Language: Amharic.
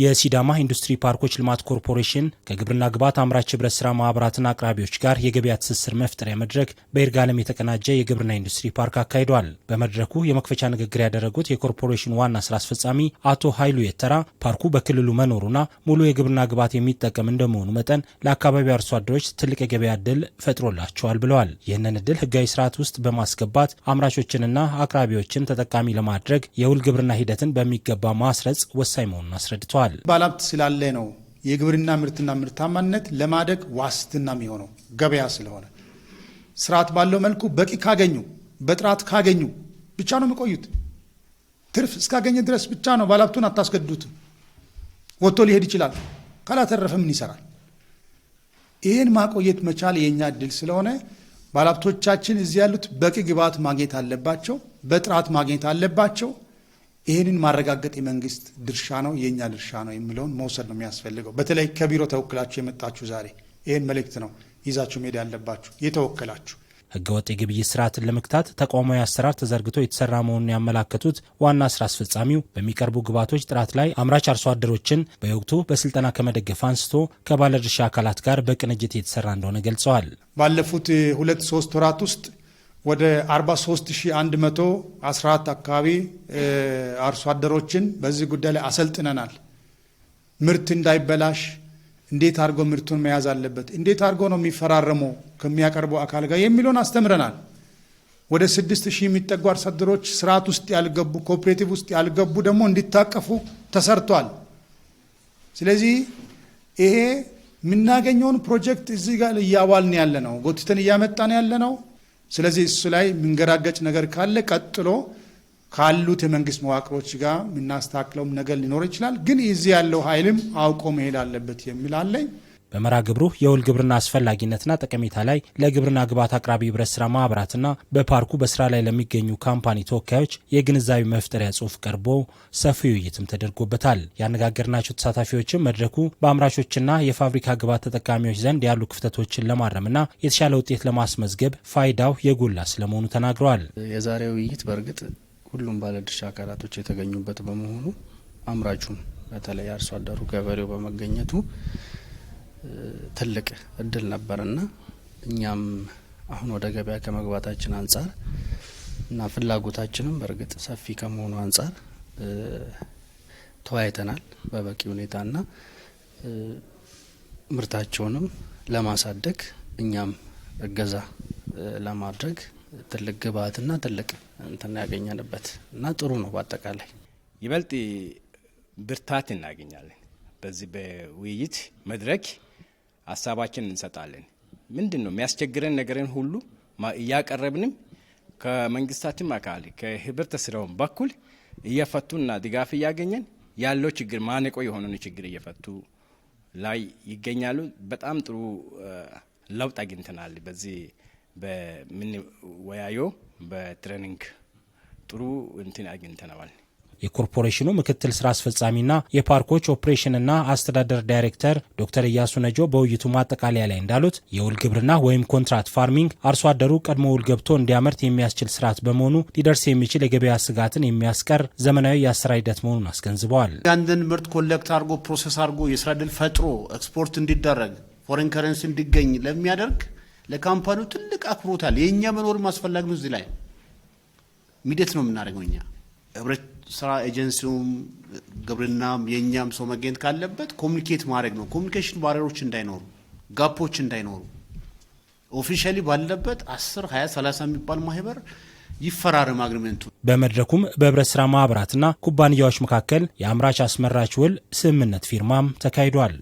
የሲዳማ ኢንዱስትሪ ፓርኮች ልማት ኮርፖሬሽን ከግብርና ግብዓት አምራች ህብረት ስራ ማህበራትና አቅራቢዎች ጋር የገበያ ትስስር መፍጠሪያ መድረክ በይርጋለም የተቀናጀ የግብርና ኢንዱስትሪ ፓርክ አካሂዷል። በመድረኩ የመክፈቻ ንግግር ያደረጉት የኮርፖሬሽን ዋና ስራ አስፈጻሚ አቶ ኃይሉ የተራ ፓርኩ በክልሉ መኖሩና ሙሉ የግብርና ግብዓት የሚጠቀም እንደመሆኑ መጠን ለአካባቢው አርሶ አደሮች ትልቅ የገበያ እድል ፈጥሮላቸዋል ብለዋል። ይህንን እድል ህጋዊ ስርዓት ውስጥ በማስገባት አምራቾችንና አቅራቢዎችን ተጠቃሚ ለማድረግ የውል ግብርና ሂደትን በሚገባ ማስረጽ ወሳኝ መሆኑን አስረድቷል። ገልጸዋል። ባለሀብት ስላለ ነው የግብርና ምርትና ምርታማነት ለማደግ ዋስትና የሚሆነው ገበያ ስለሆነ ስርዓት ባለው መልኩ በቂ ካገኙ በጥራት ካገኙ ብቻ ነው የሚቆዩት። ትርፍ እስካገኘ ድረስ ብቻ ነው። ባለሀብቱን አታስገድዱትም። ወጥቶ ሊሄድ ይችላል። ካላተረፈ ምን ይሰራል? ይህን ማቆየት መቻል የእኛ እድል ስለሆነ ባለሀብቶቻችን እዚህ ያሉት በቂ ግብዓት ማግኘት አለባቸው፣ በጥራት ማግኘት አለባቸው። ይህንን ማረጋገጥ የመንግስት ድርሻ ነው፣ የእኛ ድርሻ ነው የሚለውን መውሰድ ነው የሚያስፈልገው። በተለይ ከቢሮ ተወክላችሁ የመጣችሁ ዛሬ ይህን መልእክት ነው ይዛችሁ መሄድ ያለባችሁ የተወከላችሁ ህገወጥ የግብይት ስርዓትን ለመግታት ተቋማዊ አሰራር ተዘርግቶ የተሰራ መሆኑን ያመላከቱት ዋና ስራ አስፈጻሚው በሚቀርቡ ግብዓቶች ጥራት ላይ አምራች አርሶ አደሮችን በወቅቱ በስልጠና ከመደገፍ አንስቶ ከባለድርሻ አካላት ጋር በቅንጅት የተሰራ እንደሆነ ገልጸዋል። ባለፉት ሁለት ሶስት ወራት ውስጥ ወደ 43114 አካባቢ አርሶ አደሮችን በዚህ ጉዳይ ላይ አሰልጥነናል። ምርት እንዳይበላሽ እንዴት አድርጎ ምርቱን መያዝ አለበት፣ እንዴት አድርጎ ነው የሚፈራረመው ከሚያቀርበው አካል ጋር የሚለውን አስተምረናል። ወደ ስድስት ሺህ የሚጠጉ አርሶ አደሮች ስርዓት ውስጥ ያልገቡ ኮኦፕሬቲቭ ውስጥ ያልገቡ ደግሞ እንዲታቀፉ ተሰርቷል። ስለዚህ ይሄ የምናገኘውን ፕሮጀክት እዚህ ጋር እያዋልን ያለ ነው፣ ጎትተን እያመጣን ያለ ነው። ስለዚህ እሱ ላይ የምንገራገጭ ነገር ካለ ቀጥሎ ካሉት የመንግስት መዋቅሮች ጋር የምናስተካክለውም ነገር ሊኖር ይችላል። ግን እዚህ ያለው ኃይልም አውቆ መሄድ አለበት የሚል አለኝ። በመራ ግብሩ የውል ግብርና አስፈላጊነትና ጠቀሜታ ላይ ለግብርና ግብዓት አቅራቢ ህብረት ስራ ማህበራትና በፓርኩ በስራ ላይ ለሚገኙ ካምፓኒ ተወካዮች የግንዛቤ መፍጠሪያ ጽሁፍ ቀርቦ ሰፊ ውይይትም ተደርጎበታል። ያነጋገርናቸው ተሳታፊዎችም መድረኩ በአምራቾችና የፋብሪካ ግብዓት ተጠቃሚዎች ዘንድ ያሉ ክፍተቶችን ለማረምና የተሻለ ውጤት ለማስመዝገብ ፋይዳው የጎላ ስለመሆኑ ተናግረዋል። የዛሬ ውይይት በእርግጥ ሁሉም ባለድርሻ አካላቶች የተገኙበት በመሆኑ አምራቹም በተለይ አርሶ አደሩ ገበሬው በመገኘቱ ትልቅ እድል ነበርና እኛም አሁን ወደ ገበያ ከመግባታችን አንጻር እና ፍላጎታችንም በእርግጥ ሰፊ ከመሆኑ አንጻር ተወያይተናል በበቂ ሁኔታ ና ምርታቸውንም ለማሳደግ እኛም እገዛ ለማድረግ ትልቅ ና ትልቅ እንትን ያገኘንበት እና ጥሩ ነው። በአጠቃላይ ይበልጥ ብርታት እናገኛለን በዚህ በውይይት መድረክ ሀሳባችን እንሰጣለን። ምንድን ነው የሚያስቸግረን ነገርን ሁሉ እያቀረብንም ከመንግስታትም አካል ከህብረተሰቡም በኩል እየፈቱና ድጋፍ እያገኘን ያለው ችግር ማነቆ የሆነን ችግር እየፈቱ ላይ ይገኛሉ። በጣም ጥሩ ለውጥ አግኝተናል። በዚህ በምንወያየው በትሬኒንግ ጥሩ እንትን አግኝተነዋል። የኮርፖሬሽኑ ምክትል ስራ አስፈጻሚና የፓርኮች ኦፕሬሽንና አስተዳደር ዳይሬክተር ዶክተር እያሱ ነጆ በውይይቱ ማጠቃለያ ላይ እንዳሉት የውል ግብርና ወይም ኮንትራት ፋርሚንግ አርሶ አደሩ ቀድሞ ውል ገብቶ እንዲያመርት የሚያስችል ስርዓት በመሆኑ ሊደርስ የሚችል የገበያ ስጋትን የሚያስቀር ዘመናዊ የአሰራር ሂደት መሆኑን አስገንዝበዋል። አንድን ምርት ኮሌክት አድርጎ ፕሮሰስ አድርጎ የስራ ድል ፈጥሮ ኤክስፖርት እንዲደረግ ፎሬን ከረንሲ እንዲገኝ ለሚያደርግ ለካምፓኒው ትልቅ አክብሮታል። የእኛ መኖርም አስፈላጊ ነው። እዚህ ላይ ሚደት ነው የምናደርገው እኛ ህብረት ስራ ኤጀንሲውም ግብርናም የእኛም ሰው መገኘት ካለበት ኮሚኒኬት ማድረግ ነው። ኮሚኒኬሽን ባሪሮች እንዳይኖሩ፣ ጋፖች እንዳይኖሩ ኦፊሻሊ ባለበት 10 20 30 የሚባል ማህበር ይፈራረም አግሪመንቱ። በመድረኩም በህብረት ስራ ማህበራትና ኩባንያዎች መካከል የአምራች አስመራች ውል ስምምነት ፊርማም ተካሂዷል።